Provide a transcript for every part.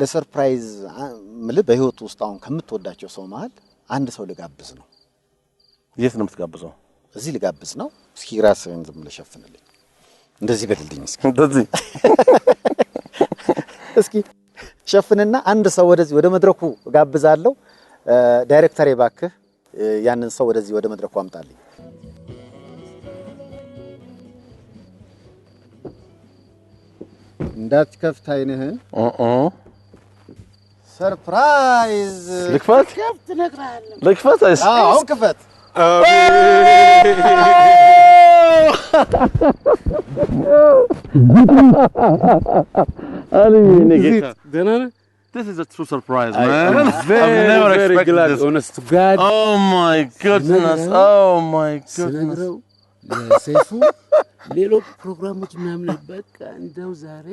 ለሰርፕራይዝ ምልህ በህይወት ውስጥ አሁን ከምትወዳቸው ሰው መሀል አንድ ሰው ልጋብዝ ነው። የት ነው የምትጋብዘው? እዚህ ልጋብዝ ነው። እስኪ ራስህን ዝም ብለህ ሸፍንልኝ። እንደዚህ በድልድኝ እስኪ እንደዚህ እስኪ ሸፍንና አንድ ሰው ወደዚህ ወደ መድረኩ ጋብዛለሁ። ዳይሬክተር እባክህ ያንን ሰው ወደዚህ ወደ መድረኩ አምጣልኝ። እንዳትከፍት አይንህን ሰርፕራይዝ ልክፈት ልክፈት አሁን ክፈት። oh oh ሌሎች ፕሮግራሞች ምናምን በቃ እንደው ዛሬ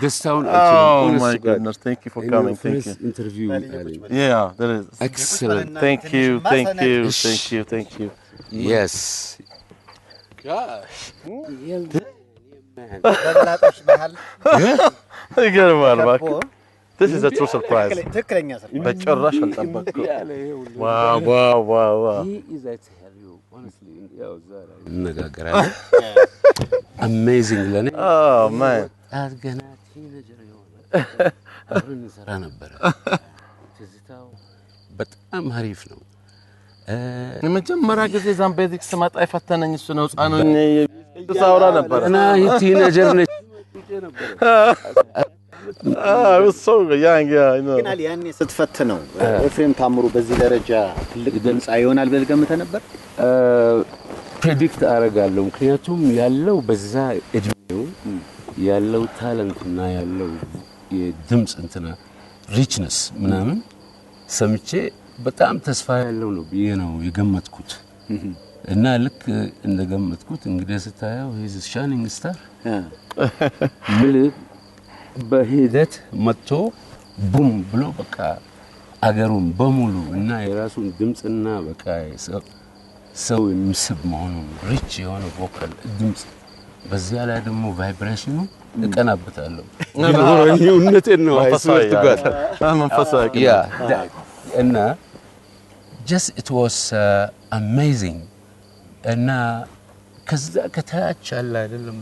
this town. oh my goodness! Thank you for coming. Thank you. Yeah, that is excellent. Thank you. Thank you. Thank you. Thank you. Yes. Gosh. This is a true surprise. بتشرش الباك واو واو እነጋገራለን። አሜዚንግ ለእኔ oh, አብረን እንሰራ ነበረ። ትዝታው በጣም አሪፍ ነው። የመጀመሪያ ጊዜ ዛምቤዚክ ስመጣ የፈተነኝ እሱ ነው። ሳውራ ነበረ እና ነች ግን አሊ ያኔ ስትፈትነው ኤፍሬም ታምሩ በዚህ ደረጃ ትልቅ ድምፃ ይሆናል ብለህ ገምተህ ነበር? ፕሬዲክት አደርጋለሁ። ምክንያቱም ያለው በዛ እድሜው ያለው ታለንትና ያለው የድምፅ እንትና ሪችነስ ምናምን ሰምቼ በጣም ተስፋ ያለው ነው ብዬ ነው የገመትኩት። እና ልክ እንደገመትኩት እንግዲህ ስታየው ሂዝ ሻይኒንግ ስታር ምልህ በሂደት መጥቶ ቡም ብሎ በቃ አገሩን በሙሉ እና የራሱን ድምፅና በቃ ሰው የሚስብ መሆኑን ሪች የሆነ ቮካል ድምፅ በዚያ ላይ ደግሞ ቫይብሬሽኑ እቀናበታለሁ። እውነቴን ነው። እና ጀስት ኢት ዋስ አሜዚንግ እና ከዛ ከታች አለ አይደለም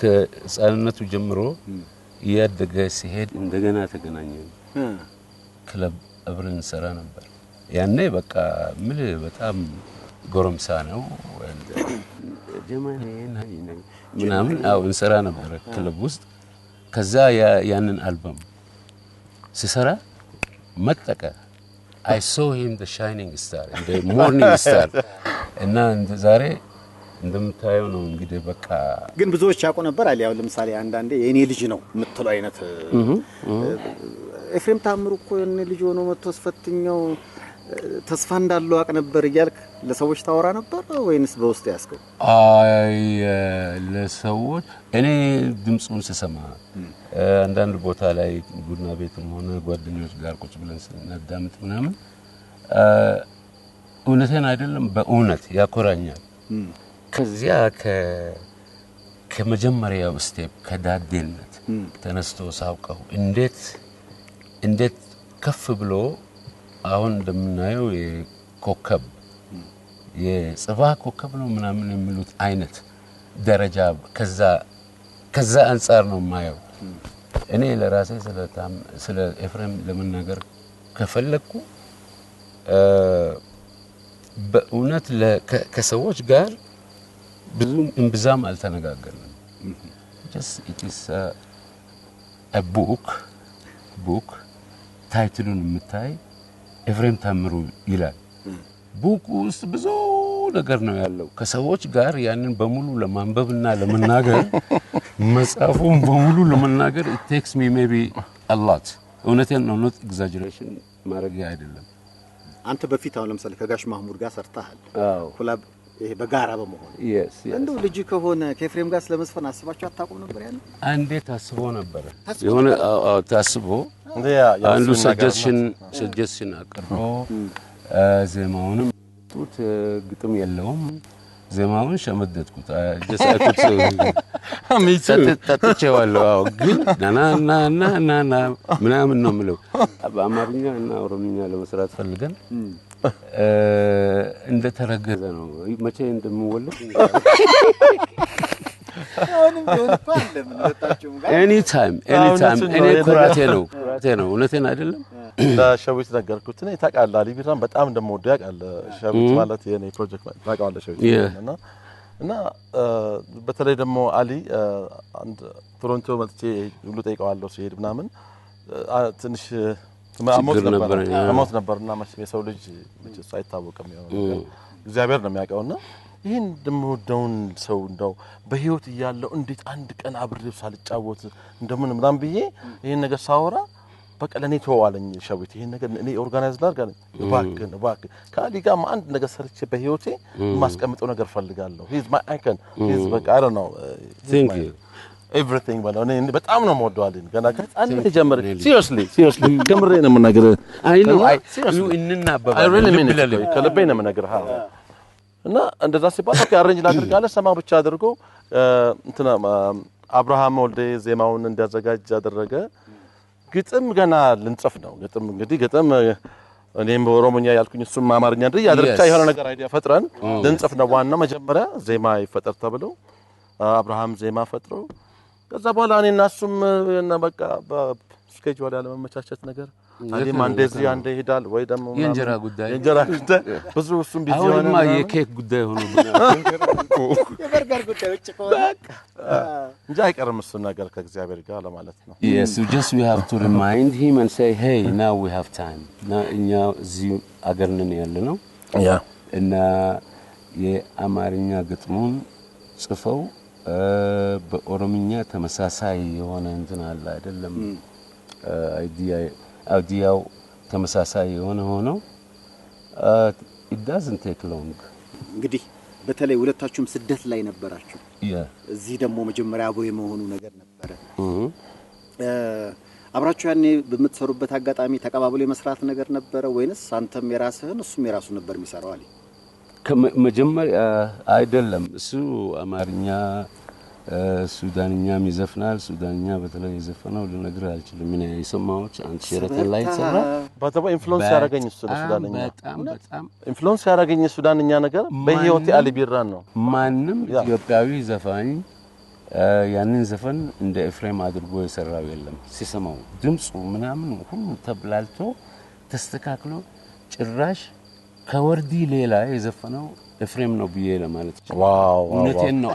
ከህፃንነቱ ጀምሮ እያደገ ሲሄድ እንደገና ተገናኘ። ክለብ አብረን እንሰራ ነበር። ያኔ በቃ ምል በጣም ጎረምሳ ነው ምናምን አዎ እንሰራ ነበረ ክለብ ውስጥ። ከዛ ያንን አልበም ስሰራ መጠቀ አይ ሶ ሂም ሻይኒንግ ስታር ሞርኒንግ ስታር እና ዛሬ እንደምታየው ነው እንግዲህ በቃ ግን ብዙዎች ያውቁ ነበር አለ። ያው ለምሳሌ አንዳንዴ የእኔ ልጅ ነው የምትለው አይነት ኤፍሬም ታምሩ እኮ የእኔ ልጅ ሆኖ መጥቶ ስፈትኛው ተስፋ እንዳለው አቅ ነበር እያልክ ለሰዎች ታወራ ነበር ወይንስ በውስጥ ያስከው? አይ ለሰዎች እኔ ድምፁን ስሰማ አንዳንድ ቦታ ላይ ቡና ቤትም ሆነ ጓደኞች ጋር ቁጭ ብለን ስናዳምጥ ምናምን እውነቴን አይደለም በእውነት ያኮራኛል። ከዚያ ከመጀመሪያው ስቴፕ ከዳዴነት ተነስቶ ሳውቀው እንዴት እንዴት ከፍ ብሎ አሁን እንደምናየው የኮከብ የጽባ ኮከብ ነው ምናምን የሚሉት አይነት ደረጃ ከዛ ከዛ አንጻር ነው የማየው። እኔ ለራሴ ስለ ኤፍሬም ለመናገር ከፈለግኩ በእውነት ከሰዎች ጋር ብዙም እምብዛም አልተነጋገርንም። ቡክ ቡክ ታይትሉን የምታይ ኤፍሬም ታምሩ ይላል። ቡክ ውስጥ ብዙ ነገር ነው ያለው። ከሰዎች ጋር ያንን በሙሉ ለማንበብና ለመናገር መጽሐፉን በሙሉ ለመናገር ቴክስ ሚ ሜቢ አላት። እውነቴን ነው፣ ኖት ኤግዛጀሬሽን ማድረግ አይደለም። አንተ በፊት አሁን ለምሳሌ ከጋሽ ማህሙድ ጋር ሰርተሃል። ይሄ በጋራ በመሆን እንደው ልጅ ከሆነ ከኤፍሬም ጋር ስለመዝፈን አስባችሁ አታውቁም ነበር? ያለ አንዴ ታስቦ ነበረ የሆነ ታስቦ አንዱ ሰጀስሽን ሰጀስሽን አቅርቦ ዜማውንም ጡት ግጥም የለውም። ዜማውን ሸመደድኩት ጀሳኩት ግን ናናናናና ምናምን ነው የምለው በአማርኛ እና ኦሮምኛ ለመስራት ፈልገን እንደተረገዘ ነው። መቼ እንደምወለድ ኤኒታይም ኤኒታይም። እኔ ኩራቴ ነው ኩራቴ ነው። እውነቴን አይደለም ለሸዊት ነገርኩት። እኔ ታውቃለህ፣ አሊ ቢራን በጣም እንደምወደው ያውቃለህ ሸዊት ማለት ፕሮጀክት ታውቃለህ ሸዊት እና እና በተለይ ደግሞ አሊ አንድ ቶሮንቶ መጥቼ ሁሉ ጠይቀዋለሁ ሲሄድ ምናምን ትንሽ ሞት ነበር እና የሰው ልጅ መቼስ አይታወቅም የሆነ እግዚአብሔር ነው የሚያውቀውና ይህን የምወደውን ሰው እንደው በህይወት እያለው እንዴት አንድ ቀን አብሬው ሳልጫወት እንደምን ምናምን ብዬ ይህን ነገር ሳወራ በቃ ለእኔ ተዋለኝ ሸዊት ይህን ነገር እኔ ኦርጋናይዝ ላድርግ አለኝ። እባክህን ከአሊ ጋር አንድ ነገር ሰርቼ በህይወቴ የማስቀምጠው ነገር እፈልጋለሁ። ሂዝ ማይ አይከን ሂዝ በቃ አይ ነው ኤቭሪቲንግ በለው። እኔ በጣም ነው የምወደው አለኝ። ገና ከህፃንነት የጀመረ ሲሪየስሊ ሲሪየስሊ ከምሬ ነው የምናገርህ። አይ ነው አይ ከልቤ ነው የምነግርህ። እና እንደዛ ሲባል ኦኬ አሬንጅ ላድርጋለህ ሰማ ብቻ አድርጎ እንትና አብርሃም ወልዴ ዜማውን እንዲያዘጋጅ ያደረገ ግጥም ገና ልንጽፍ ነው። ግጥም እንግዲህ ግጥም እኔም በኦሮሞኛ ያልኩኝ እሱም አማርኛ እንደ ያድርቻ የሆነ ነገር አይዲያ ፈጥረን ልንጽፍ ነው። ዋናው መጀመሪያ ዜማ ይፈጠር ተብሎ አብርሃም ዜማ ፈጥሮ ከዛ በኋላ እኔ እና እሱም እና በቃ ስኬጅ ወደ አለመመቻቸት ነገር አንዴ እዚህ አንዴ ይሄዳል ወይ ደግሞ የእንጀራ ጉዳይ የእንጀራ ጉዳይ ብዙ እሱም ቢዚ ሆነ። አሁንማ የኬክ ጉዳይ ሆኖ የበርገር ጉዳይ ውጭ ሆነ እንጂ አይቀርም እሱ ነገር ከእግዚአብሔር ጋር ለማለት ነው። yes you just we have to remind him and say hey now we have time እና እኛ እዚህ አገር ነን ያለ ነው እና የአማርኛ ግጥሙን ጽፈው በኦሮምኛ ተመሳሳይ የሆነ እንትን አለ አይደለም። አይዲያው ተመሳሳይ የሆነ ሆነው ኢዳዝን ቴክ ሎንግ። እንግዲህ በተለይ ሁለታችሁም ስደት ላይ ነበራችሁ። እዚህ ደግሞ መጀመሪያ አብሮ የመሆኑ ነገር ነበረ። አብራችሁ ያኔ በምትሰሩበት አጋጣሚ ተቀባብሎ የመስራት ነገር ነበረ ወይንስ አንተም የራስህን እሱም የራሱ ነበር የሚሰራው አለ? ከመጀመሪያ አይደለም እሱ አማርኛ ሱዳንኛም ይዘፍናል። ሱዳንኛ በተለይ የዘፈነው ልነግርህ አልችልም። ምን የሰማዎች አንቺ ሸረተን ላይ ይሰራ ባተባ ኢንፍሉዌንስ ያደረገኝ እሱ ለሱዳንኛ በጣም በጣም ኢንፍሉዌንስ ያደረገኝ ሱዳንኛ ነገር በህይወቴ አልቢራን ነው። ማንም ኢትዮጵያዊ ዘፋኝ ያንን ዘፈን እንደ ኤፍሬም አድርጎ የሰራው የለም። ሲሰማው ድምፁ ምናምን ሁሉ ተብላልቶ ተስተካክሎ ጭራሽ ከወርዲ ሌላ የዘፈነው ኤፍሬም ነው ብዬ ለማለት እውነቴን ነው።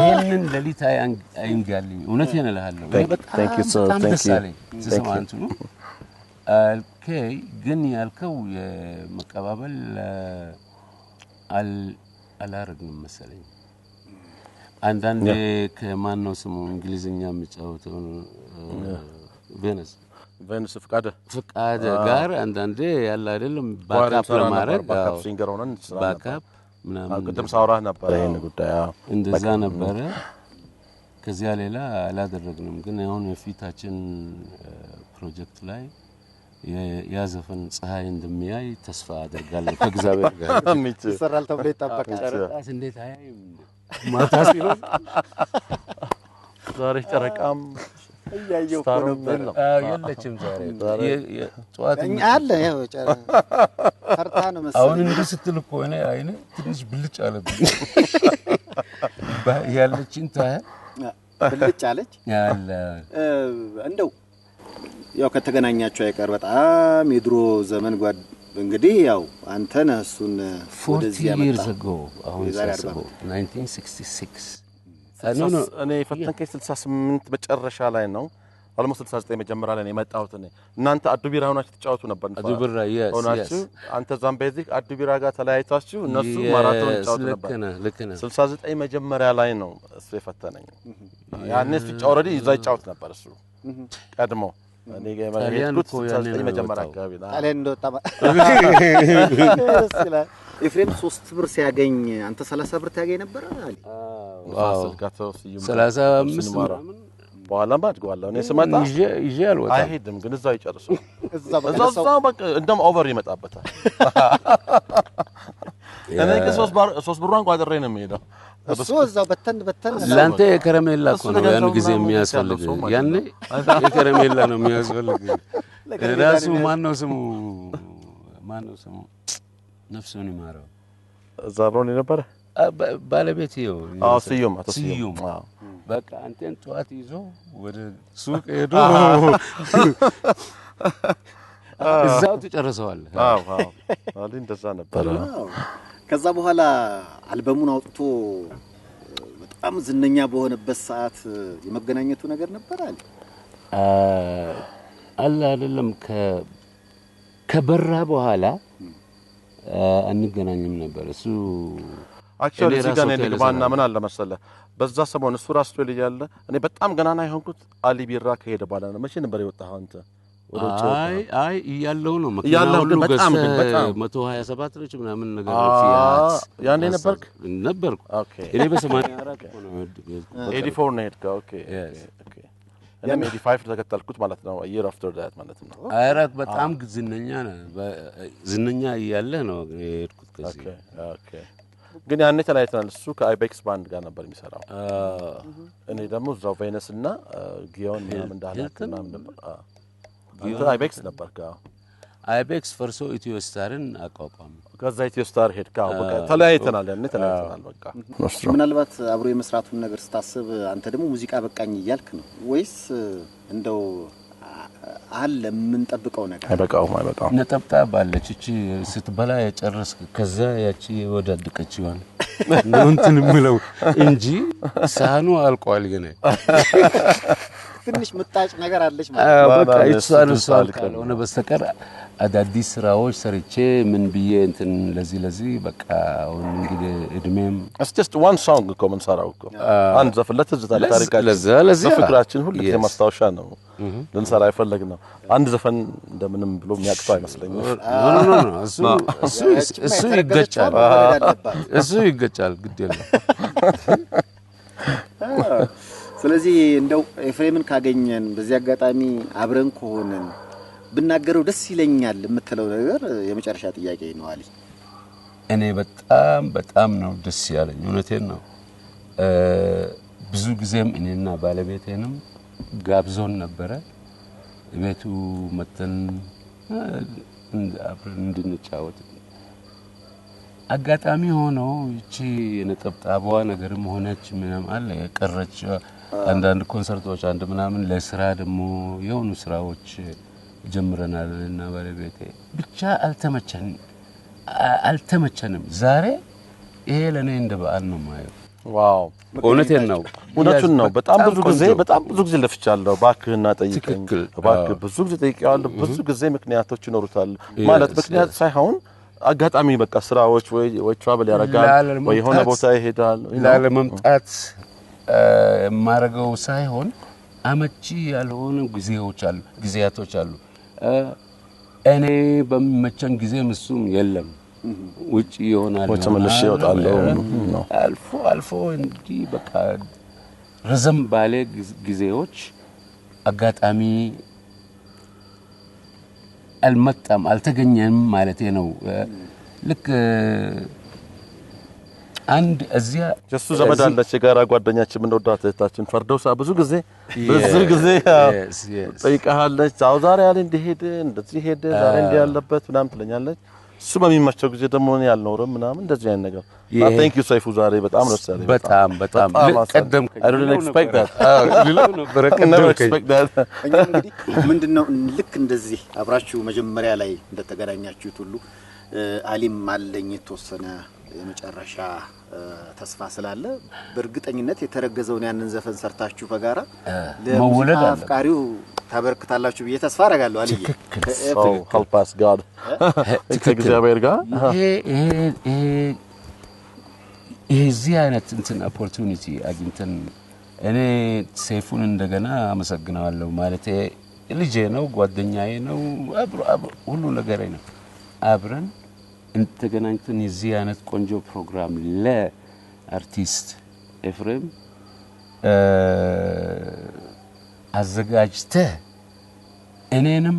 ይሄንን ሌሊት አይንጋልኝ። እውነቴን እልሃለሁ በጣም ደስ አለኝ ግን ያልከው የመቀባበል አላረግንም መሰለኝ። አንዳንዴ ከማን ነው ስሙ እንግሊዝኛ የሚጫወተው ቬነስ ቬንስ ፍቃደ ፍቃደ ጋር አንዳንዴ ያለ አይደለም ባካፕ ለማድረግ ባካፕ ሲንገር ሆነን ባካፕ ምናምን ቅድም ሳውራህ ነበረ ይህን ጉዳይ እንደዛ ነበረ። ከዚያ ሌላ አላደረግንም። ግን አሁን የፊታችን ፕሮጀክት ላይ ያዘፈን ፀሐይ እንደሚያይ ተስፋ አደርጋለሁ። ከእግዚአብሔር ጋር ይሰራል ተብሎ ይጠበቃል። ጨረቃስ እንዴት አያይም ማታ ሲሆን ዛሬ ጨረቃም አሁን እንዲህ ስትል እኮ እኔ አይኔ ትንሽ ብልጭ አለብኝ። ያለችን ብልጭ አለች። እንደው ያው አይቀር በጣም የድሮ ዘመን ጓድ እንግዲህ ያው አንተ ነህ እሱን ወደዚህ ያመጣ አሁን ሳስበው እኔ የፈተንከኝ 68 መጨረሻ ላይ ነው። አልሞ 69 መጀመሪያ ላይ ነው የመጣሁት። እኔ እናንተ አዱቢራ ሆናችሁ ትጫወቱ ነበር ሆናችሁ አንተ ዛምቤዚክ አዱቢራ ጋር ተለያይታችሁ እነሱ ማራቶን ይጫወቱ ነበር። 69 መጀመሪያ ላይ ነው እሱ የፈተነኝ። ያኔ እሱ ኦልሬዲ ይዛ ይጫወት ነበር እሱ ቀድሞ ጣሊያን እንደወጣ ኤፍሬም ሶስት ብር ሲያገኝ አንተ ሰላሳ ብር ታገኝ ነበር አለ። ሰላሳ አምስት ብር በኋላም አድገዋለሁ። እኔ ስመጣ ይዤ አልወጣም። አይሄድም ግን እዛው ይጨርሰው። እዛው በቃ እንደውም ኦቨር ይመጣበታል። እኔ ግን ሶስት ብሯን ቋጥሬ ነው የሚሄደው። እሱ እዛው በተን በተን። ለአንተ የከረሜላ እኮ ነው ያን ጊዜ የሚያስፈልግ። ያኔ የከረሜላ ነው የሚያስፈልግ። ራሱ ነው ስሙ? ማን ነው ስሙ? ነፍሱን ይማረው። እዛ አብሮን የነበረ ባለቤት ይኸው ስዩም፣ ስዩም በቃ አንተን ጠዋት ይዞ ወደ ሱቅ ሄዶ እዛው ትጨርሰዋለህ። እንደዛ ነበረ። ከዛ በኋላ አልበሙን አውጥቶ በጣም ዝነኛ በሆነበት ሰዓት የመገናኘቱ ነገር ነበር አለ አለ አይደለም ከበራ በኋላ አንገናኝም uh, ነበር እሱ አክቹዋሊ እዚህ ጋር ልግባና ምን አለ መሰለ በዛ ሰሞን እሱ ራሱ ላይ እኔ በጣም ገናና የሆንኩት አሊ ቢራ ከሄደ በኋላ ነው። መቼ ነበር የወጣኸው አንተ? አይ አይ እያለሁ ነው እያለሁ ሁሉ በጣም መቶ በጣም 127 ምናምን ነገር ያኔ ነበርክ ነበርኩ። እኔ ነው ኦኬ ኦኬ እኔም ኤቲ ፋይቭ ተከተልኩት ማለት ነው። ኢየር አፍተር ዳት ማለት ነው። ኧረ ah. በጣም ዝነኛ ዝነኛ እያለህ ነው የሄድኩት ከዚህ። ኦኬ ግን ያኔ ተለያይተናል። እሱ ከአይቤክስ ባንድ ጋር ነበር የሚሰራው፣ እኔ ደግሞ እዛው ቬነስ እና ጊዮን ምናምን እንዳላት ምናምን ነበር። አይቤክስ ነበር አይቤክስ ፈርሶ ኢትዮ ስታርን አቋቋመ። ከዛ ኢትዮ ስታር ሄድክ? አዎ በቃ ተለያይተናል። ያኔ ተለያይተናል። በቃ ምናልባት አብሮ የመስራቱን ነገር ስታስብ አንተ ደግሞ ሙዚቃ በቃኝ እያልክ ነው ወይስ እንደው አለ የምንጠብቀው ነገር? አይበቃውም፣ አይበቃውም። ነጠብጣብ አለች እቺ ስትበላ የጨረስ ከዛ ያቺ ወዳድቀች ይሆን እንትን የምለው እንጂ ሳህኑ አልቋል ግን ትንሽ ምጣጭ ነገር አለች ማለት ነው። በቃ እሷን እሷን ካልሆነ በስተቀር አዳዲስ ስራዎች ሰርቼ ምን ብዬ እንትን ለዚህ ለዚህ በቃ አሁን እንግዲህ እድሜም እስቲ ዋን ሶንግ እኮ ምን ሰራው እኮ አንድ ዘፈለት ትዝታ ታሪካችን ለዛ ለዚህ ፍቅራችን ሁሉ ጊዜ ማስታወሻ ነው። ልንሰራ አይፈለግ ነው። አንድ ዘፈን እንደምንም ብሎ የሚያቅተው አይመስለኝም። እሱ ይገጫል፣ እሱ ይገጫል። ግድ የለም ስለዚህ እንደው ኤፍሬምን ካገኘን በዚህ አጋጣሚ አብረን ከሆነን ብናገረው ደስ ይለኛል የምትለው ነገር የመጨረሻ ጥያቄ ነው። አሊ እኔ በጣም በጣም ነው ደስ ያለኝ። እውነቴን ነው። ብዙ ጊዜም እኔና ባለቤቴንም ጋብዞን ነበረ ቤቱ መተን አብረን እንድንጫወት አጋጣሚ ሆኖ ይቺ የነጠብጣቧ ነገርም ሆነች ምንም አለ የቀረች አንዳንድ ኮንሰርቶች አንድ ምናምን ለስራ ደግሞ የሆኑ ስራዎች ጀምረናል እና ባለቤቴ ብቻ አልተመቸን አልተመቸንም። ዛሬ ይሄ ለእኔ እንደ በዓል ነው ማየው። ዋው እውነቴን ነው፣ እውነቱን ነው። በጣም ብዙ ጊዜ በጣም ብዙ ጊዜ ለፍቻለሁ። እባክህና ጠይቀኝ፣ እባክህ ብዙ ጊዜ ጠይቄዋለሁ። ብዙ ጊዜ ምክንያቶች ይኖሩታል። ማለት ምክንያት ሳይሆን አጋጣሚ በቃ ስራዎች ወይ ወይ ትራቨል ያደርጋል ወይ የሆነ ቦታ ይሄዳል ላለመምጣት የማደርገው ሳይሆን አመቺ ያልሆኑ ጊዜዎች አሉ፣ ጊዜያቶች አሉ። እኔ በሚመቸን ጊዜ እሱም የለም ውጭ ይሆናል ተመልሼ አልፎ አልፎ እንዲህ በቃ ረዘም ባለ ጊዜዎች አጋጣሚ አልመጣም አልተገኘም ማለት ነው ልክ አንድ እዚያ እሱ ዘመድ አለች የጋራ ጓደኛችን የምንወዳት እህታችን ፈርዶሳ ብዙ ጊዜ ብዙ ጊዜ ጠይቀሃለች። አዎ ዛሬ አለ ሄደ እንደዚህ ሄደ ዛሬ እንዲህ ያለበት ምናምን ትለኛለች። እሱ በሚመቸው ጊዜ ደግሞ እኔ አልኖርም ምናምን እንደዚህ አይነት ነገር ታንክ ዩ ሰይፉ ዛሬ በጣም ነው ሰሪ በጣም በጣም ቀደም አይዶን ኤክስፔክት ዳት ነበር ቀደም ኤክስፔክት ዳት እንግዲህ ምንድነው ልክ እንደዚህ አብራችሁ መጀመሪያ ላይ እንደተገናኛችሁት ሁሉ አሊም አለኝ የተወሰነ የመጨረሻ ተስፋ ስላለ በእርግጠኝነት የተረገዘውን ያንን ዘፈን ሰርታችሁ በጋራ ለሙዚቃ አፍቃሪው ታበረክታላችሁ ብዬ ተስፋ አረጋለሁ። አልዬ ሀልፓስ ጋር እግዚአብሔር ጋር የዚህ አይነት እንትን ኦፖርቹኒቲ አግኝተን እኔ ሴፉን እንደገና አመሰግነዋለሁ። ማለት ልጄ ነው፣ ጓደኛዬ ነው፣ ሁሉ ነገሬ ነው አብረን ተገናኝተን የዚህ አይነት ቆንጆ ፕሮግራም ለአርቲስት ኤፍሬም አዘጋጅተ እኔንም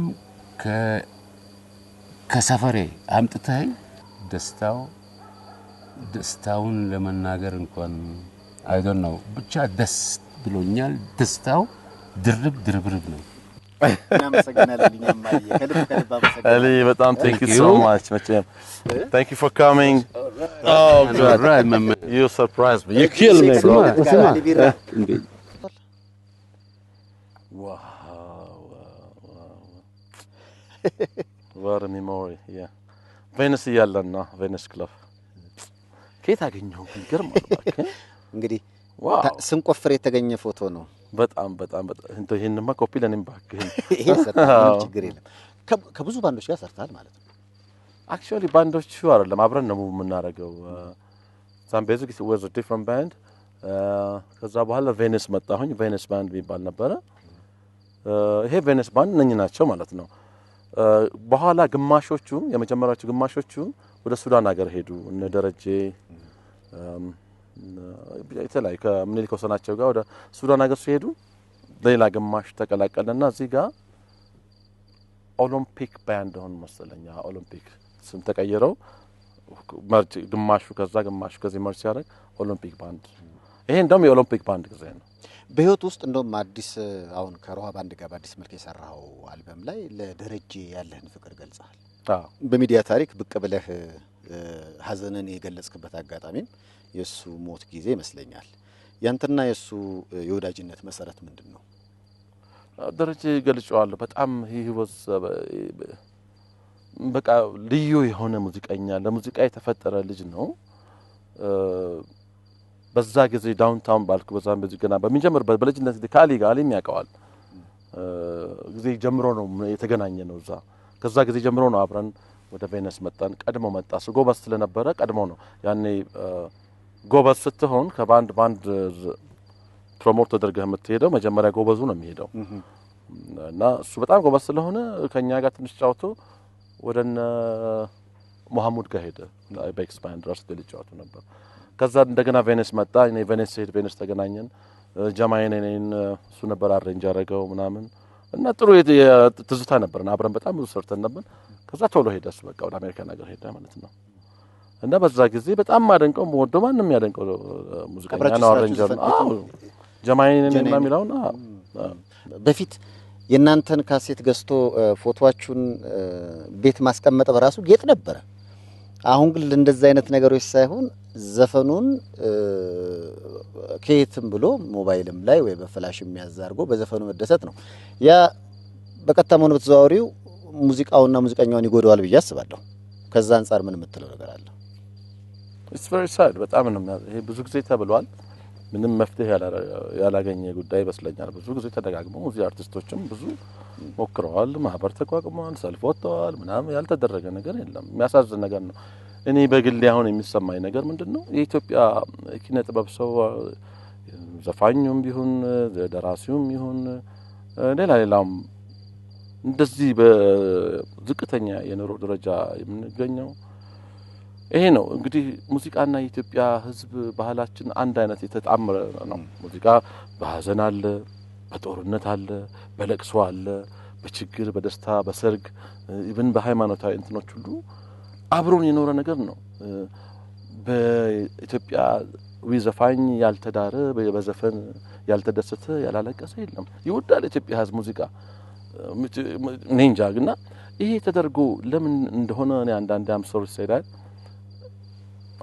ከሰፈሬ አምጥተኝ ደስታው ደስታውን ለመናገር እንኳን አይዶን ነው ብቻ ደስ ብሎኛል። ደስታው ድርብ ድርብርብ ነው። Ali, but thank you so much, Matim. Eh? Thank you for coming. Oh, God. Right, man. You surprised me. You killed me, bro. Wow, wow, wow. What a memory, yeah. ቬነስ እያለን ቬነስ ክለብ ከየት አገኘው? ይገርማል። እንግዲህ ስንቆፍር የተገኘ ፎቶ ነው። በጣም በጣም እንቶ ይሄንማ ኮፒ ለኔም ባክ ይሄ ሰርተሃል፣ ችግር የለም ከብዙ ባንዶች ጋር ሰርታል ማለት ነው። አክቹዋሊ ባንዶቹ አይደለም አብረን ነው የምናደርገው። ዛም ቤዚክ ወዝ ዲፍረንት ባንድ። ከዛ በኋላ ቬኒስ መጣሁኝ። ቬኒስ ባንድ የሚባል ነበረ። ይሄ ቬኒስ ባንድ ነኝ ናቸው ማለት ነው። በኋላ ግማሾቹ የመጀመሪያዎቹ ግማሾቹ ወደ ሱዳን ሀገር ሄዱ እነ ደረጀ የተለያዩ ከምኒልክ ከወሰናቸው ጋር ወደ ሱዳን ሀገር ሲሄዱ ሌላ ግማሽ ተቀላቀለና እዚህ ጋር ኦሎምፒክ ባንድ ሆን መሰለኛ ኦሎምፒክ ስም ተቀይረው መርጅ ግማሹ ከዛ ግማሹ ከዚህ መርጅ ሲያደርግ ኦሎምፒክ ባንድ ይሄ እንደውም የኦሎምፒክ ባንድ ጊዜ ነው። በህይወት ውስጥ እንደውም አዲስ አሁን ከሮሃ ባንድ ጋር በአዲስ መልክ የሰራው አልበም ላይ ለደረጀ ያለህን ፍቅር ገልጸሃል። በሚዲያ ታሪክ ብቅ ብለህ ሀዘንን የገለጽክበት አጋጣሚም የእሱ ሞት ጊዜ ይመስለኛል። ያንተና የእሱ የወዳጅነት መሰረት ምንድን ነው? ደረጀ ገልጨዋለሁ። በጣም ህይወት በቃ ልዩ የሆነ ሙዚቀኛ ለሙዚቃ የተፈጠረ ልጅ ነው። በዛ ጊዜ ዳውንታውን ባልኩ በዛም በዚህ ገና በሚጀምርበት በልጅነት ጊዜ ካሊ ጋር አሊም ያውቀዋል ጊዜ ጀምሮ ነው የተገናኘ ነው። እዛ ከዛ ጊዜ ጀምሮ ነው አብረን ወደ ቬነስ መጣን። ቀድሞ መጣ። እሱ ስለነበረ ቀድሞ ነው ያኔ ጎበዝ ስትሆን ከባንድ ባንድ ፕሮሞት ተደርገህ የምትሄደው መጀመሪያ ጎበዙ ነው የሚሄደው እና እሱ በጣም ጎበዝ ስለሆነ ከእኛ ጋር ትንሽ ጫውቶ ወደ እነ መሐሙድ ጋር ሄደ። በኤክስፓንድ ራስ ዴል ጫወቱ ነበር። ከዛ እንደገና ቬኔስ መጣ። እኔ ቬኔስ ሄድ ቬኔስ ተገናኘን። ጀማይን እኔን እሱ ነበር አሬንጅ ያደረገው ምናምን እና ጥሩ ትዝታ ነበርን። አብረን በጣም ብዙ ሰርተን ነበር። ከዛ ቶሎ ሄደ እሱ በቃ ወደ አሜሪካ ነገር ሄደ ማለት ነው። እና በዛ ጊዜ በጣም ማደንቀው ወዶ ማንም ያደንቀው ሙዚቀኛ ነው አረንጀር ጀማይን እና የሚለውና በፊት የእናንተን ካሴት ገዝቶ ፎቶዋችሁን ቤት ማስቀመጥ በራሱ ጌጥ ነበረ። አሁን ግን እንደዚህ አይነት ነገሮች ሳይሆን ዘፈኑን ከየትም ብሎ ሞባይልም ላይ ወይ በፍላሽ የሚያዝ አድርጎ በዘፈኑ መደሰት ነው። ያ በቀጥታ መሆኑ በተዘዋዋሪው ሙዚቃውና ሙዚቀኛውን ይጎዳዋል ብዬ አስባለሁ። ከዛ አንጻር ምን የምትለው ነገር አለ? ኢትስ ቨሪ ሳድ በጣም ነው። ይሄ ብዙ ጊዜ ተብሏል፣ ምንም መፍትሄ ያላገኘ ጉዳይ ይመስለኛል። ብዙ ጊዜ ተደጋግሞ እዚህ አርቲስቶችም ብዙ ሞክረዋል፣ ማህበር ተቋቁመዋል፣ ሰልፍ ወጥተዋል፣ ምናምን ያልተደረገ ነገር የለም። የሚያሳዝን ነገር ነው። እኔ በግሌ አሁን የሚሰማኝ ነገር ምንድን ነው የኢትዮጵያ ኪነ ጥበብ ሰው ዘፋኙም ቢሆን ደራሲውም ይሁን ሌላ ሌላውም እንደዚህ በዝቅተኛ የኑሮ ደረጃ የምንገኘው ይሄ ነው እንግዲህ ሙዚቃና የኢትዮጵያ ህዝብ ባህላችን አንድ አይነት የተጣመረ ነው። ሙዚቃ በሀዘን አለ፣ በጦርነት አለ፣ በለቅሶ አለ፣ በችግር በደስታ በሰርግ ኢቭን በሃይማኖታዊ እንትኖች ሁሉ አብሮን የኖረ ነገር ነው። በኢትዮጵያ ዘፋኝ ያልተዳረ በዘፈን ያልተደሰተ ያላለቀሰ የለም። ይወዳል ኢትዮጵያ ህዝብ ሙዚቃ እኔ ግና ይሄ ተደርጎ ለምን እንደሆነ እኔ አንዳንድ አምሶር ይሄዳል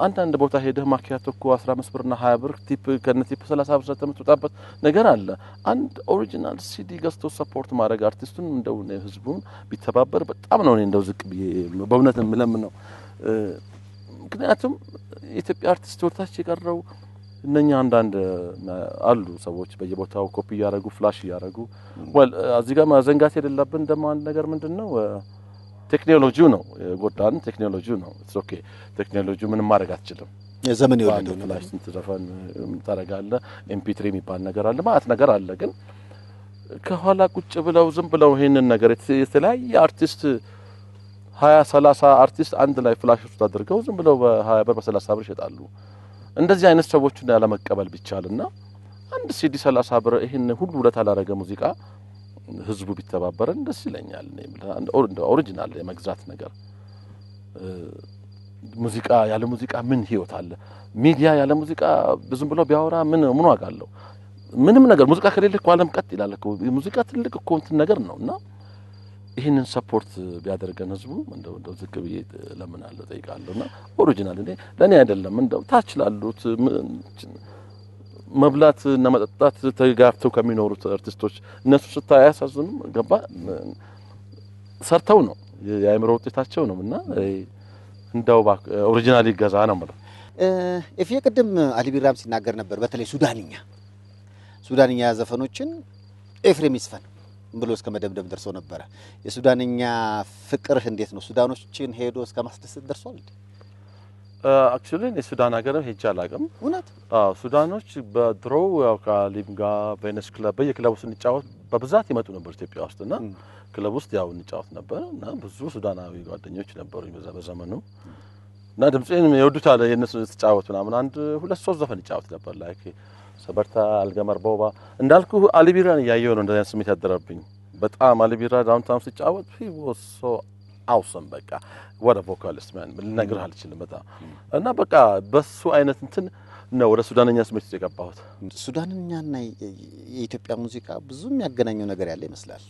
አንዳንድ ቦታ ሄደህ ማኪያቶ እኮ 15 ብርና 20 ብር ቲፕ ከነ ቲፕ 30 ብር ሰጥተህ የምትወጣበት ነገር አለ። አንድ ኦሪጂናል ሲዲ ገዝቶ ሰፖርት ማድረግ አርቲስቱን እንደው ህዝቡን ቢተባበር በጣም ነው እኔ እንደው ዝቅ ብዬ በእውነት ነው። ምክንያቱም የኢትዮጵያ አርቲስት ወርታች የቀረው እነኛ አንዳንድ አሉ ሰዎች በየቦታው ኮፒ እያደረጉ ፍላሽ እያደረጉ ወል እዚህ ጋር መዘንጋት የሌለብን ደግሞ አንድ ነገር ምንድን ነው ቴክኖሎጂው ነው የጎዳን። ቴክኖሎጂው ነው ኦኬ። ቴክኖሎጂው ምንም ማድረግ አትችልም። የዘመን የወለደው ፍላሽ ስንት ዘፈን ኤምፒ3 የሚባል ነገር አለ፣ ማለት ነገር አለ። ግን ከኋላ ቁጭ ብለው ዝም ብለው ይሄንን ነገር የተለያየ አርቲስት ሀያ ሰላሳ አርቲስት አንድ ላይ ፍላሽ ውስጥ አድርገው ዝም ብለው በሀያ ብር በሰላሳ ብር ይሸጣሉ። እንደዚህ አይነት ሰዎችን ያለመቀበል ቢቻልና አንድ ሲዲ ሰላሳ ብር ይህን ሁሉ ውለታ ላደረገ ሙዚቃ ህዝቡ ቢተባበረን ደስ ይለኛል። ኦሪጂናል የመግዛት ነገር ሙዚቃ ያለ ሙዚቃ ምን ህይወት አለ? ሚዲያ ያለ ሙዚቃ ዝም ብሎ ቢያወራ ምን ምን ዋጋ አለው? ምንም ነገር ሙዚቃ ከሌለ እኮ ዓለም ቀጥ ይላል እኮ። ሙዚቃ ትልቅ እኮ እንትን ነገር ነው እና ይህንን ሰፖርት ቢያደርገን ህዝቡ እንደው እንደው ዝቅ ብዬ ለምናለሁ ጠይቃለሁ። እና ኦሪጂናል እኔ ለእኔ አይደለም እንደው ታች ላሉት መብላት እና መጠጣት ተጋፍተው ከሚኖሩት አርቲስቶች እነሱ ስታይ አያሳዝኑም? ገባ ሰርተው ነው የአእምሮ ውጤታቸው ነው። እና እንዳው ኦሪጂናል ይገዛ ነው ማለት እፊ ቅድም አሊቢራም ሲናገር ነበር። በተለይ ሱዳንኛ ሱዳንኛ ዘፈኖችን ኤፍሬም ይስፈን ብሎ እስከ መደምደም ደርሶ ነበረ። የሱዳንኛ ፍቅርህ እንዴት ነው? ሱዳኖችን ሄዶ እስከ ማስደሰት ደርሷል። አክቹዋሊ እኔ ሱዳን ሀገርም ሄጄ አላውቅም። እውነት? አዎ ሱዳኖች በድሮ ያው ከአሊም ጋር ቬነስ ክለብ በየክለቡ ስንጫወት በብዛት ይመጡ ነበር ኢትዮጵያ ውስጥ እና ክለብ ውስጥ ያው እንጫወት ነበር እና ብዙ ሱዳናዊ ጓደኞች ነበሩ በዛ በዘመኑ እና ድምፄን ይወዱታል። የእነሱ ስትጫወት ምናምን አንድ ሁለት ሶስት ዘፈን ይጫወት ነበር ላይክ ሰበርታ፣ አልገመር፣ ቦባ እንዳልኩ አሊቢራን እያየው ነው እንደዚህ ስሜት ያደረብኝ። በጣም አሊቢራ ዳውንታውን ሲጫወት ሶ አውሰን በቃ ወደ ቮካሊስት ማን ልነግርህ አልችልም። በጣም እና በቃ በሱ አይነት እንትን ነው ወደ ሱዳንኛ ስሜት የገባሁት። ሱዳንኛና የኢትዮጵያ ሙዚቃ ብዙ የሚያገናኘው ነገር ያለ ይመስላል።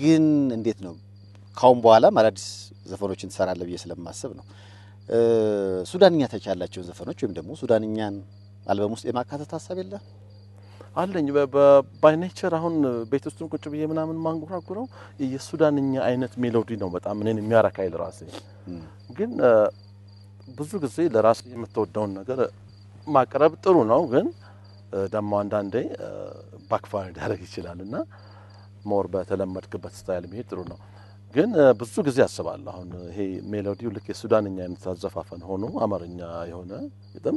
ግን እንዴት ነው ካሁን በኋላም አዳዲስ ዘፈኖችን ትሰራለህ ብዬ ስለማስብ ነው ሱዳንኛ ተቻላቸውን ዘፈኖች ወይም ደግሞ ሱዳንኛን አልበም ውስጥ የማካተት ሀሳብ የለም? አለኝ ባይ ኔቸር አሁን ቤት ውስጥም ቁጭ ብዬ ምናምን ማንጎራጉረው የሱዳንኛ አይነት ሜሎዲ ነው በጣም እኔን የሚያረካ ይል ራሴ ግን ብዙ ጊዜ ለራሴ የምትወደውን ነገር ማቅረብ ጥሩ ነው፣ ግን ደሞ አንዳንዴ ባክፋር ሊያደርግ ይችላል እና ሞር በተለመድክበት ስታይል መሄድ ጥሩ ነው። ግን ብዙ ጊዜ አስባለሁ አሁን ይሄ ሜሎዲው ልክ የሱዳንኛ አይነት አዘፋፈን ሆኖ አማርኛ የሆነ ግጥም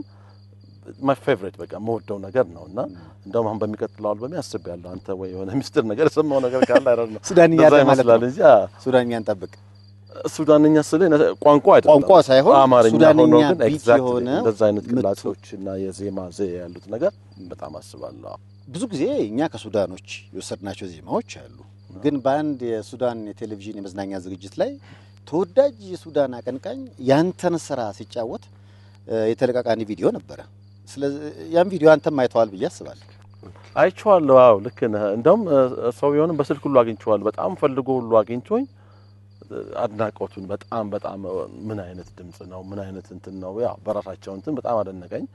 ማይ ፌቨሪት በቃ የምወደው ነገር ነው እና እንደውም አሁን በሚቀጥለው አልበሜ ያለው አንተ ወይ የሆነ ሚስጥር ነገር የሰማው ነገር ካለ አይደል ነው ሱዳንኛ ማለት ነው። ሱዳንኛን ጠብቅ። ሱዳንኛ ስለ ቋንቋ አይደለም ቋንቋ ሳይሆን አማርኛ ሱዳንኛ ቢት የሆነ እንደዛ አይነት ቅላጾች እና የዜማ ዘ ያሉት ነገር በጣም አስባለሁ። ብዙ ጊዜ እኛ ከሱዳኖች የወሰድናቸው ዜማዎች አሉ፣ ግን በአንድ የሱዳን የቴሌቪዥን የመዝናኛ ዝግጅት ላይ ተወዳጅ የሱዳን አቀንቃኝ ያንተን ስራ ሲጫወት የተለቃቃኒ ቪዲዮ ነበረ። ስለዚህ ያን ቪዲዮ አንተም አይተዋል ብዬ አስባለሁ። አይቼዋለሁ። አዎ ልክ ነህ። እንደውም ሰው ቢሆንም በስልክ ሁሉ አግኝቼዋለሁ። በጣም ፈልጎ ሁሉ አግኝቶኝ አድናቆቱን በጣም በጣም ምን አይነት ድምጽ ነው ምን አይነት እንትን ነው ያ በራሳቸው እንትን በጣም አደነቀኝ።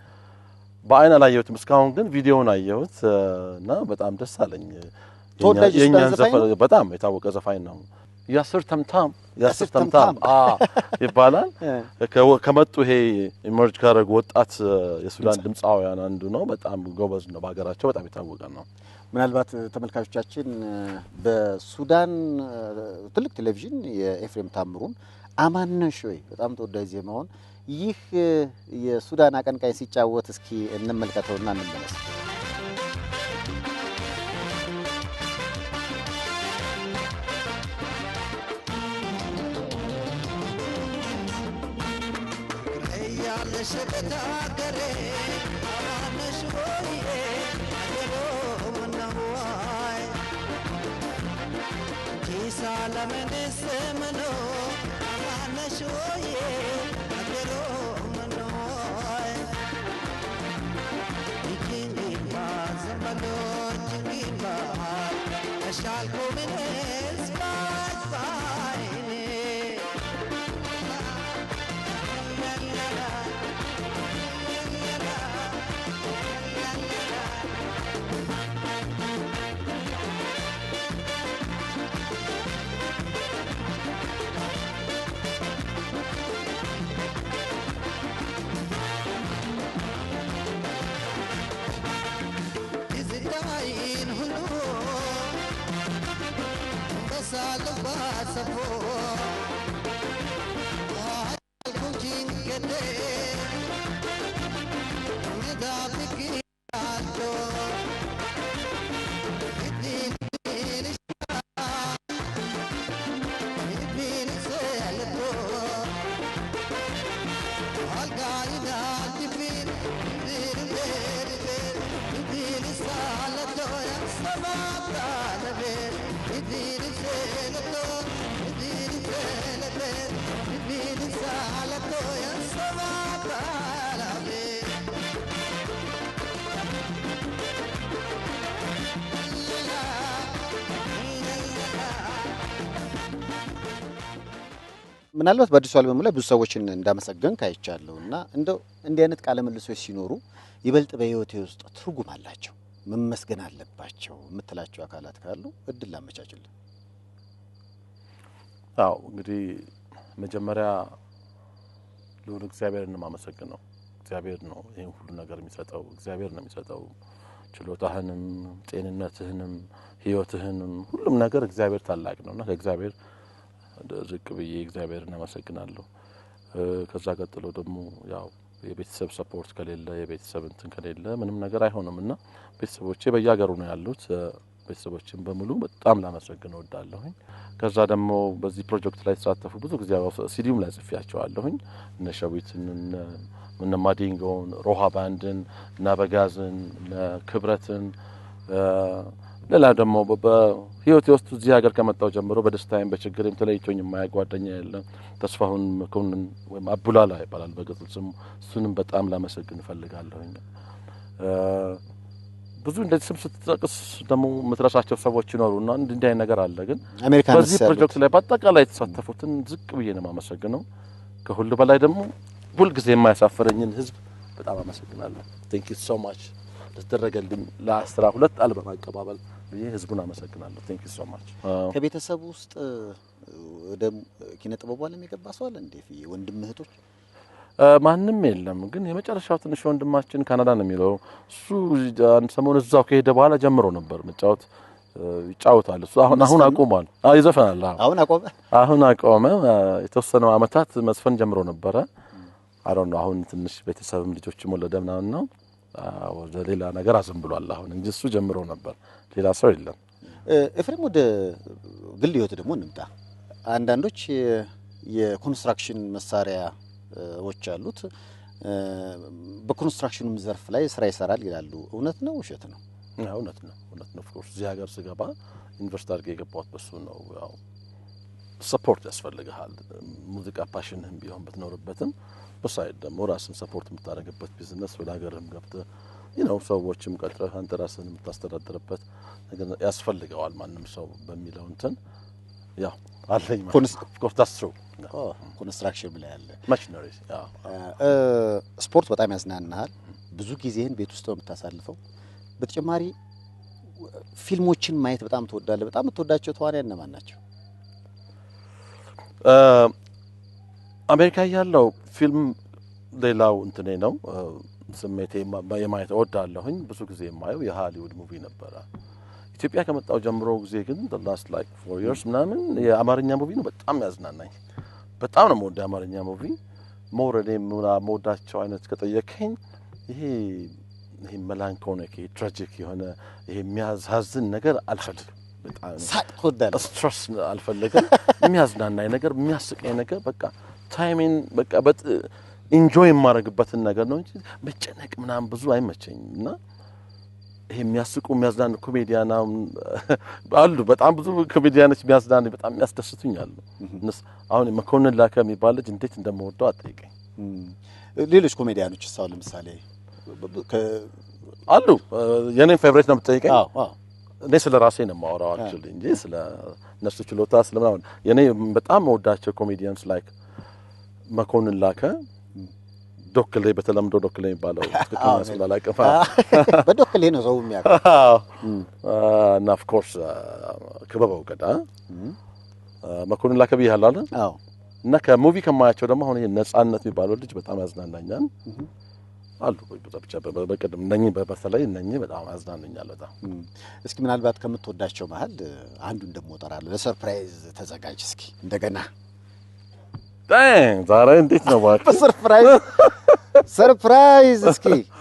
በአይን አላየሁትም እስካሁን ግን ቪዲዮውን አየሁት እና በጣም ደስ አለኝ። ተወዳጅ በጣም የታወቀ ዘፋኝ ነው። ያስር ተምታም ያስር ተምታም ይባላል። ከመጡ ይሄ ኢመርጅ ካረግ ወጣት የሱዳን ድምፃውያን አንዱ ነው። በጣም ጎበዝ ነው። በሀገራቸው በጣም የታወቀ ነው። ምናልባት ተመልካቾቻችን በሱዳን ትልቅ ቴሌቪዥን የኤፍሬም ታምሩን አማነሽ ወይ በጣም ተወዳጅ ዜማውን ይህ የሱዳን አቀንቃኝ ሲጫወት እስኪ እንመልከተውና እንመለስ። दर्शक था करे amor ምናልባት በአዲሱ አልበሙ ላይ ብዙ ሰዎችን እንዳመሰገን ካይቻለሁ እና እንደው እንዲህ አይነት ቃለ መልሶች ሲኖሩ ይበልጥ በህይወቴ ውስጥ ትርጉም አላቸው መመስገን አለባቸው የምትላቸው አካላት ካሉ እድል ላመቻችልን። አዎ እንግዲህ መጀመሪያ ልዑል እግዚአብሔርን ማመሰግነው። እግዚአብሔር ነው ይህን ሁሉ ነገር የሚሰጠው። እግዚአብሔር ነው የሚሰጠው ችሎታህንም፣ ጤንነትህንም፣ ህይወትህንም ሁሉም ነገር እግዚአብሔር ታላቅ ነው እና ለእግዚአብሔር ዝቅ ብዬ እግዚአብሔርን አመሰግናለሁ። ከዛ ቀጥሎ ደግሞ ያው የቤተሰብ ሰፖርት ከሌለ የቤተሰብ እንትን ከሌለ ምንም ነገር አይሆንም እና ቤተሰቦቼ በየሀገሩ ነው ያሉት ቤተሰቦችን በሙሉ በጣም ላመሰግን ወዳለሁኝ። ከዛ ደግሞ በዚህ ፕሮጀክት ላይ የተሳተፉ ብዙ ጊዜ ሲዲዩም ላይ ጽፌያቸዋለሁኝ እነ ሸዊትን እነ ማዲንጎን፣ ሮሃ ባንድን፣ እነ በጋዝን፣ እነ ክብረትን ሌላ ደግሞ በህይወቴ ውስጥ እዚህ ሀገር ከመጣው ጀምሮ በደስታዬም በችግርም ተለይቶኝ የማያውቅ ጓደኛ የለም። ተስፋሁን መኮንን ወይም አቡላላ ይባላል በቅጽል ስሙ። እሱንም በጣም ላመሰግን እፈልጋለሁኝ። ብዙ እንደዚህ ስም ስትጠቅስ ደግሞ የምትረሳቸው ሰዎች ይኖሩ እና እንዲህ አይነት ነገር አለ። ግን በዚህ ፕሮጀክት ላይ በአጠቃላይ የተሳተፉትን ዝቅ ብዬ ነው የማመሰግነው። ከሁሉ በላይ ደግሞ ሁልጊዜ የማያሳፍረኝን ህዝብ በጣም አመሰግናለሁ። ቴንክ ዩ ሶ ማች ለተደረገልኝ ለአስራ ሁለት አልበም አቀባበል ብዬ ህዝቡን አመሰግናለሁ። ቴንክ ዩ ሶ ማች። ከቤተሰቡ ውስጥ ወደ ኪነ ጥበቡ ዓለም የገባ ሰው አለ እንዴ? ወንድም እህቶች ማንም የለም። ግን የመጨረሻው ትንሽ ወንድማችን ካናዳ ነው የሚለው እሱ አንድ ሰሞን እዛው ከሄደ በኋላ ጀምሮ ነበር መጫወት ይጫወታል። እሱ አሁን አሁን አቆሟል። አዎ ይዘፈናል። አሁን አሁን አቆመ። አሁን አቆመ። የተወሰነው አመታት መስፈን ጀምሮ ነበረ። አይ ዶንት አሁን ትንሽ ቤተሰብም ልጆች ወለደ ምናምን ነው ወደ ሌላ ነገር አዝም ብሏል። አሁን እንጂ እሱ ጀምሮ ነበር። ሌላ ሰው የለም። ኤፍሬም፣ ወደ ግል ህይወት ደግሞ እንምጣ። አንዳንዶች የኮንስትራክሽን መሳሪያ ሰዎች አሉት። በኮንስትራክሽኑም ዘርፍ ላይ ስራ ይሰራል ይላሉ። እውነት ነው ውሸት ነው? እውነት ነው እውነት ነው። ኦፍኮርስ እዚህ ሀገር ስገባ ዩኒቨርስቲ አድርጌ የገባሁት በሱ ነው። ያው ሰፖርት ያስፈልግሃል። ሙዚቃ ፓሽንህም ቢሆን ብትኖርበትም በሳይድ ደግሞ ራስን ሰፖርት የምታደርግበት ቢዝነስ ወደ ሀገርህም ገብተህ ነው ሰዎችም ቀጥረህ አንተ ራስህን የምታስተዳድርበት ነገር ያስፈልገዋል ማንም ሰው በሚለው እንትን ያው አለኝ። ኮንስትራክሽን ብላ ያለ mm-hmm. ስፖርት በጣም ያዝናናሃል። mm-hmm. ብዙ ጊዜህን ቤት ውስጥ ነው የምታሳልፈው። በተጨማሪ ፊልሞችን ማየት በጣም ትወዳለህ። በጣም የምትወዳቸው ተዋንያን እነማን ናቸው? አሜሪካ ያለው ፊልም ሌላው እንትኔ ነው ስሜቴ የማየት እወዳለሁኝ። ብዙ ጊዜ የማየው የሃሊውድ ሙቪ ነበረ። ኢትዮጵያ ከመጣው ጀምሮ ጊዜ ግን ላስት ላይክ ፎር ይርስ ምናምን የአማርኛ ሙቪ ነው በጣም ያዝናናኝ። በጣም ነው መወደ የአማርኛ ሙቪ መውረኔ መወዳቸው አይነት ከጠየቀኝ ይሄ ይሄ መላንኮሊክ ይሄ ትራጂክ የሆነ ይሄ የሚያሳዝን ነገር አልፈልግም። በጣም ስትረስ አልፈልግም። የሚያዝናናኝ ነገር የሚያስቀኝ ነገር በቃ ታይሚን በቃ ኢንጆይ የማደርግበትን ነገር ነው እንጂ መጨነቅ ምናምን ብዙ አይመቸኝም እና ይሄ የሚያስቁ የሚያዝናኑ ኮሜዲያና አሉ። በጣም ብዙ ኮሜዲያኖች የሚያዝናኑ በጣም የሚያስደስቱኝ አሉ። አሁን መኮንን ላከ የሚባል ልጅ እንዴት እንደምወደው አጠይቀኝ። ሌሎች ኮሜዲያኖች ሳው ለምሳሌ አሉ። የኔን ፌቨሬት ነው የምትጠይቀኝ? እኔ ስለ ራሴ ነው የማወራው አክቹሊ እንጂ ስለ እነሱ ችሎታ ስለምናምን የኔ በጣም መወዳቸው ኮሜዲያንስ ላይክ መኮንን ላከ ዶክሌ በተለምዶ ዶክሌ የሚባለው ትክክለኛ ስላላቀፋ በዶክሌ ነው ሰው የሚያውቀው። እና ኦፍ ክበብ አውቀዳ መኮንን ላከብ ይላል እና ከሙቪ ከማያቸው ደግሞ አሁን ይሄ ነጻነት የሚባለው ልጅ በጣም ያዝናናኛል አሉ ብቻ በቅድም እነ በተለይ እነ በጣም ያዝናናኛል። በጣም እስኪ ምናልባት ከምትወዳቸው መሀል አንዱን ደግሞ እጠራለሁ ለሰርፕራይዝ ተዘጋጅ። እስኪ እንደገና Dang, I didn't think nobody. Surprise! Surprise, Ski.